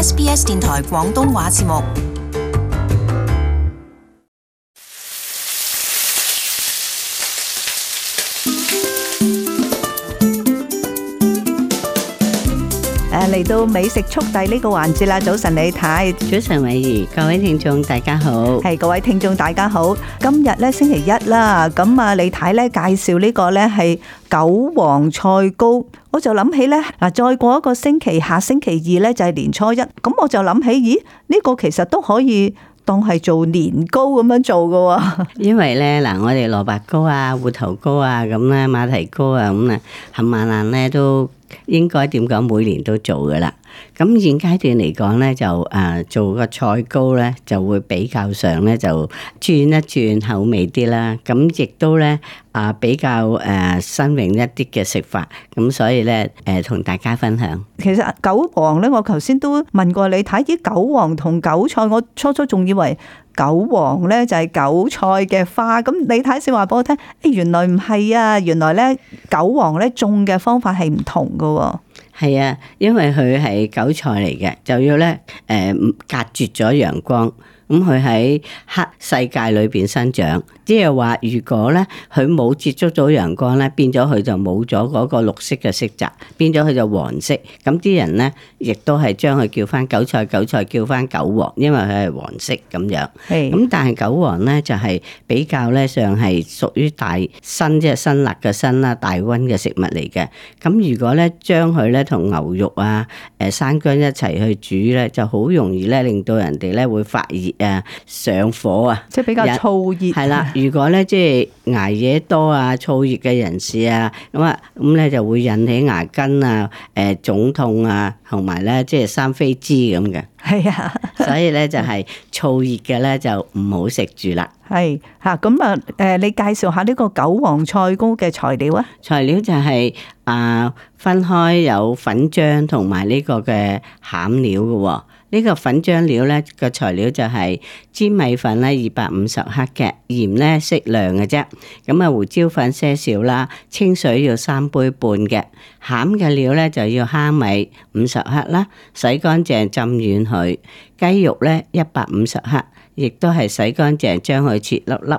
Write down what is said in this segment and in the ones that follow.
SBS 電台廣東話節目。嚟到美食速遞呢個環節啦，早晨李太，早晨美儀，各位聽眾大家好，係各位聽眾大家好。今日咧星期一啦，咁啊李太咧介紹呢個咧係韭黃菜糕，我就諗起咧嗱，再過一個星期，下星期二咧就係年初一，咁我就諗起，咦呢個其實都可以當係做年糕咁樣做噶。因為咧嗱，我哋蘿蔔糕啊、芋頭糕啊、咁咧、馬蹄糕啊咁啊，冚唪唥咧都。應該點講？每年都做嘅啦。咁現階段嚟講咧，就誒做個菜糕咧，就會比較上咧就轉一轉口味啲啦。咁亦都咧啊，比較誒新穎一啲嘅食法。咁所以咧，誒同大家分享。其實韭黃咧，我頭先都問過你睇啲韭黃同韭菜，我初初仲以為韭黃咧就係韭菜嘅花。咁你睇先話俾我聽，誒原來唔係啊，原來咧韭黃咧種嘅方法係唔同㗎。係啊，因為佢係韭菜嚟嘅，就要咧誒、呃、隔絕咗陽光。咁佢喺黑世界裏邊生長，即係話如果咧佢冇接觸到陽光咧，變咗佢就冇咗嗰個綠色嘅色澤，變咗佢就黃色。咁、嗯、啲人咧，亦都係將佢叫翻韭菜，韭菜叫翻韭黃，因為佢係黃色咁樣。係、嗯。咁但係韭黃咧就係、是、比較咧上係屬於大辛即係辛辣嘅辛啦，大温嘅食物嚟嘅。咁、嗯、如果咧將佢咧同牛肉啊、誒生薑一齊去煮咧，就好容易咧令到人哋咧會發熱。誒，上火啊！即係比較燥熱係啦。人啊、如果咧，即係挨夜多啊，燥熱嘅人士啊，咁啊，咁咧就會引起牙根啊，誒、呃，腫痛啊，同埋咧，即係生飛滋咁嘅。係啊，所以咧就係燥熱嘅咧就唔好食住啦。係吓，咁啊，誒，你介紹下呢個韭黃菜糕嘅材料啊？材料就係、是、啊、呃，分開有粉漿同埋呢個嘅餡料㗎喎、啊。呢個粉漿料咧，個材料就係、是、粘米粉咧二百五十克嘅，鹽咧適量嘅啫。咁啊，胡椒粉些少啦，清水要三杯半嘅。餡嘅料咧就要蝦米五十克啦，洗乾淨浸軟佢。雞肉咧一百五十克，亦都係洗乾淨，將佢切粒粒。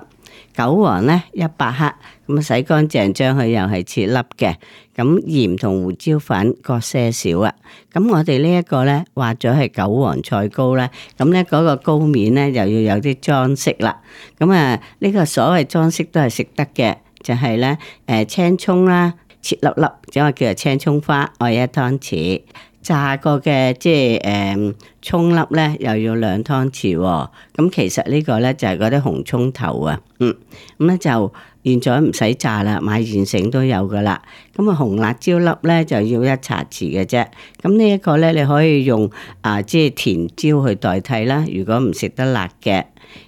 韭黃咧一百克，咁洗乾淨將佢又係切粒嘅，咁鹽同胡椒粉各些少啊。咁我哋呢一個咧，話咗係韭黃菜糕咧，咁咧嗰個糕面咧又要有啲裝飾啦。咁啊，呢個所謂裝飾都係食得嘅，就係咧，誒青葱啦，切粒粒，即係話叫做青葱花，愛一湯匙。炸過嘅即係誒葱粒咧，又要兩湯匙喎，哦。咁其實個呢個咧就係嗰啲紅葱頭啊。嗯，咁咧就。現在唔使炸啦，買現成都有㗎啦。咁啊，紅辣椒粒咧就要一茶匙嘅啫。咁呢一個咧，你可以用啊，即係甜椒去代替啦。如果唔食得辣嘅，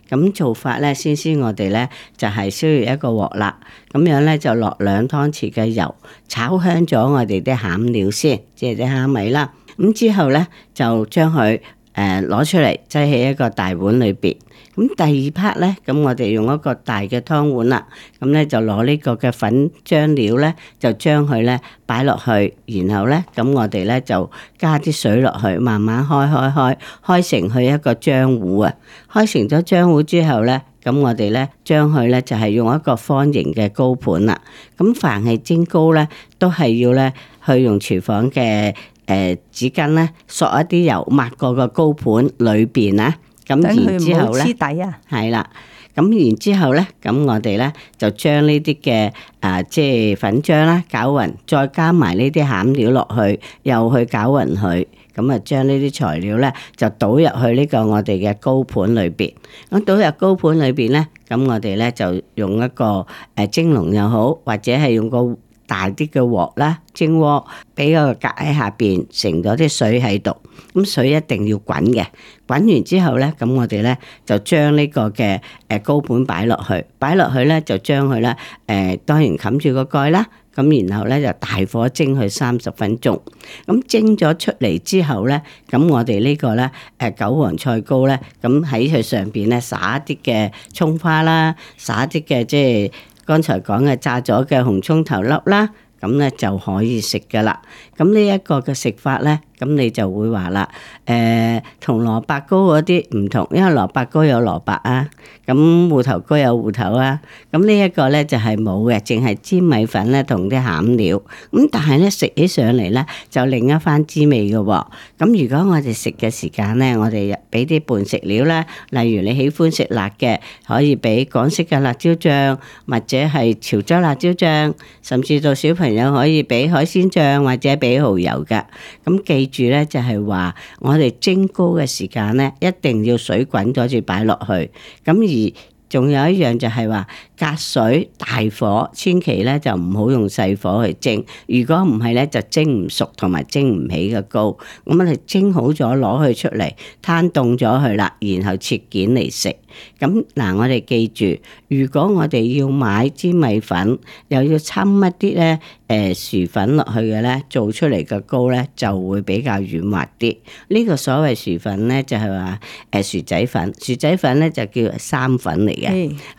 咁做法咧，先先我哋咧就係需要一個鑊啦。咁樣咧就落兩湯匙嘅油，炒香咗我哋啲餡料先，即係啲蝦米啦。咁之後咧就將佢。誒攞出嚟擠喺一個大碗裏邊。咁第二 part 咧，咁我哋用一個大嘅湯碗啦。咁咧就攞呢個嘅粉漿料咧，就將佢咧擺落去，然後咧，咁我哋咧就加啲水落去，慢慢開開開，開成佢一個漿糊啊！開成咗漿糊之後咧，咁我哋咧將佢咧就係用一個方形嘅糕盤啦。咁凡係蒸糕咧，都係要咧去用廚房嘅。誒紙巾咧，索一啲油抹過個高盤裏邊啊，咁然之後咧，底啊，係啦，咁然之後咧，咁我哋咧就將呢啲嘅啊，即係粉漿啦，攪勻，再加埋呢啲餡料落去，又去攪勻佢，咁啊，將呢啲材料咧就倒入去呢個我哋嘅高盤裏邊。咁倒入高盤裏邊咧，咁我哋咧就用一個誒蒸籠又好，或者係用個。大啲嘅鑊啦，蒸鍋，俾個格喺下邊，盛咗啲水喺度，咁水一定要滾嘅，滾完之後咧，咁我哋咧就將呢個嘅誒糕盤擺落去，擺落去咧就將佢咧誒，當然冚住個蓋啦，咁然後咧就大火蒸佢三十分鐘，咁蒸咗出嚟之後咧，咁我哋呢個咧誒韭黃菜糕咧，咁喺佢上邊咧撒一啲嘅蔥花啦，撒一啲嘅即係。剛才講嘅炸咗嘅紅葱頭粒啦，咁呢就可以食㗎喇。咁呢一個嘅食法呢？咁你就會話啦，誒、呃，同蘿蔔糕嗰啲唔同，因為蘿蔔糕有蘿蔔啊，咁芋頭糕有芋頭啊，咁呢一個咧就係冇嘅，淨係粘米粉咧同啲餡料。咁但係咧食起上嚟咧就另一番滋味嘅喎、哦。咁如果我哋食嘅時間咧，我哋俾啲伴食料啦，例如你喜歡食辣嘅，可以俾港式嘅辣椒醬，或者係潮州辣椒醬，甚至到小朋友可以俾海鮮醬或者俾蚝油嘅。咁記。住咧就係話，我哋蒸糕嘅時間咧，一定要水滾咗至擺落去，咁而。仲有一樣就係話隔水大火，千祈咧就唔好用細火去蒸。如果唔係咧，就蒸唔熟同埋蒸唔起嘅糕。咁我哋蒸好咗攞佢出嚟攤凍咗佢啦，然後切件嚟食。咁嗱、呃，我哋記住，如果我哋要買支米粉，又要侵一啲咧誒薯粉落去嘅咧，做出嚟嘅糕咧就會比較軟滑啲。呢、這個所謂薯粉咧就係話誒薯仔粉，薯仔粉咧就叫做三粉嚟。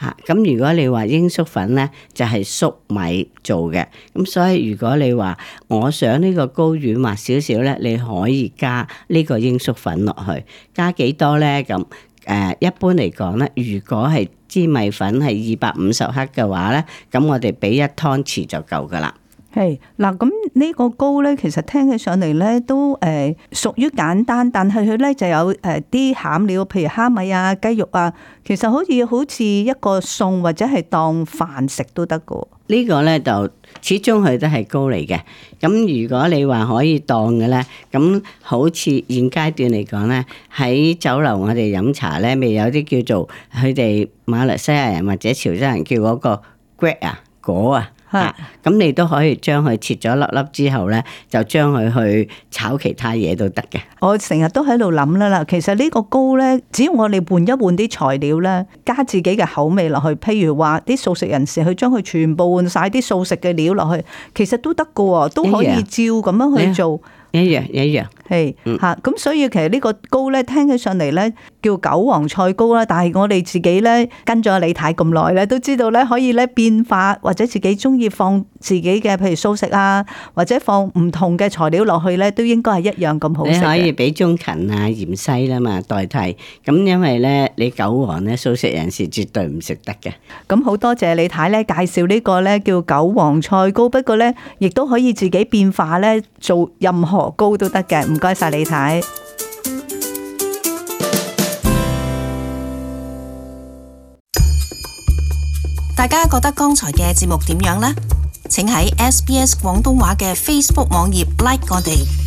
吓，咁嘿如果你話鷹粟粉咧，就係粟米做嘅，咁所以如果你話我想呢個糕軟滑少少咧，你可以加呢個鷹粟粉落去，加幾多咧？咁誒，一般嚟講咧，如果係支米粉係二百五十克嘅話咧，咁我哋俾一湯匙就夠噶啦。係，嗱咁呢個糕咧，其實聽起上嚟咧都誒、欸、屬於簡單，但係佢咧就有誒啲餡料，譬如蝦米啊、雞肉啊，其實好似好似一個餸或者係當飯食都得嘅。個呢個咧就始終佢都係糕嚟嘅。咁如果你話可以當嘅咧，咁好似現階段嚟講咧，喺酒樓我哋飲茶咧，咪有啲叫做佢哋馬來西亞人或者潮州人叫嗰個 gel 啊果啊。啊，咁你都可以將佢切咗粒粒之後咧，就將佢去炒其他嘢都得嘅。我成日都喺度諗啦啦，其實呢個糕咧，只要我哋換一換啲材料咧，加自己嘅口味落去，譬如話啲素食人士去將佢全部換晒啲素食嘅料落去，其實都得㗎喎，都可以照咁樣去做，一樣一樣。一樣一樣。係吓，咁所以其實呢個糕咧，聽起上嚟咧，叫韭黃菜糕啦，但係我哋自己咧跟咗阿李太咁耐咧，都知道咧可以咧變化或者自己中意放自己嘅，譬如素食啊，或者放唔同嘅材料落去咧，都應該係一樣咁好食。你可以俾中芹啊、芫茜吖嘛，代替，咁因為咧你韭黃咧素食人士絕對唔食得嘅。咁好多謝李太咧介紹呢個咧叫韭黃菜糕，不過咧亦都可以自己變化咧做任何糕都得嘅。唔該晒，謝謝你睇，大家覺得剛才嘅節目點樣呢？請喺 SBS 廣東話嘅 Facebook 網頁 like 我哋。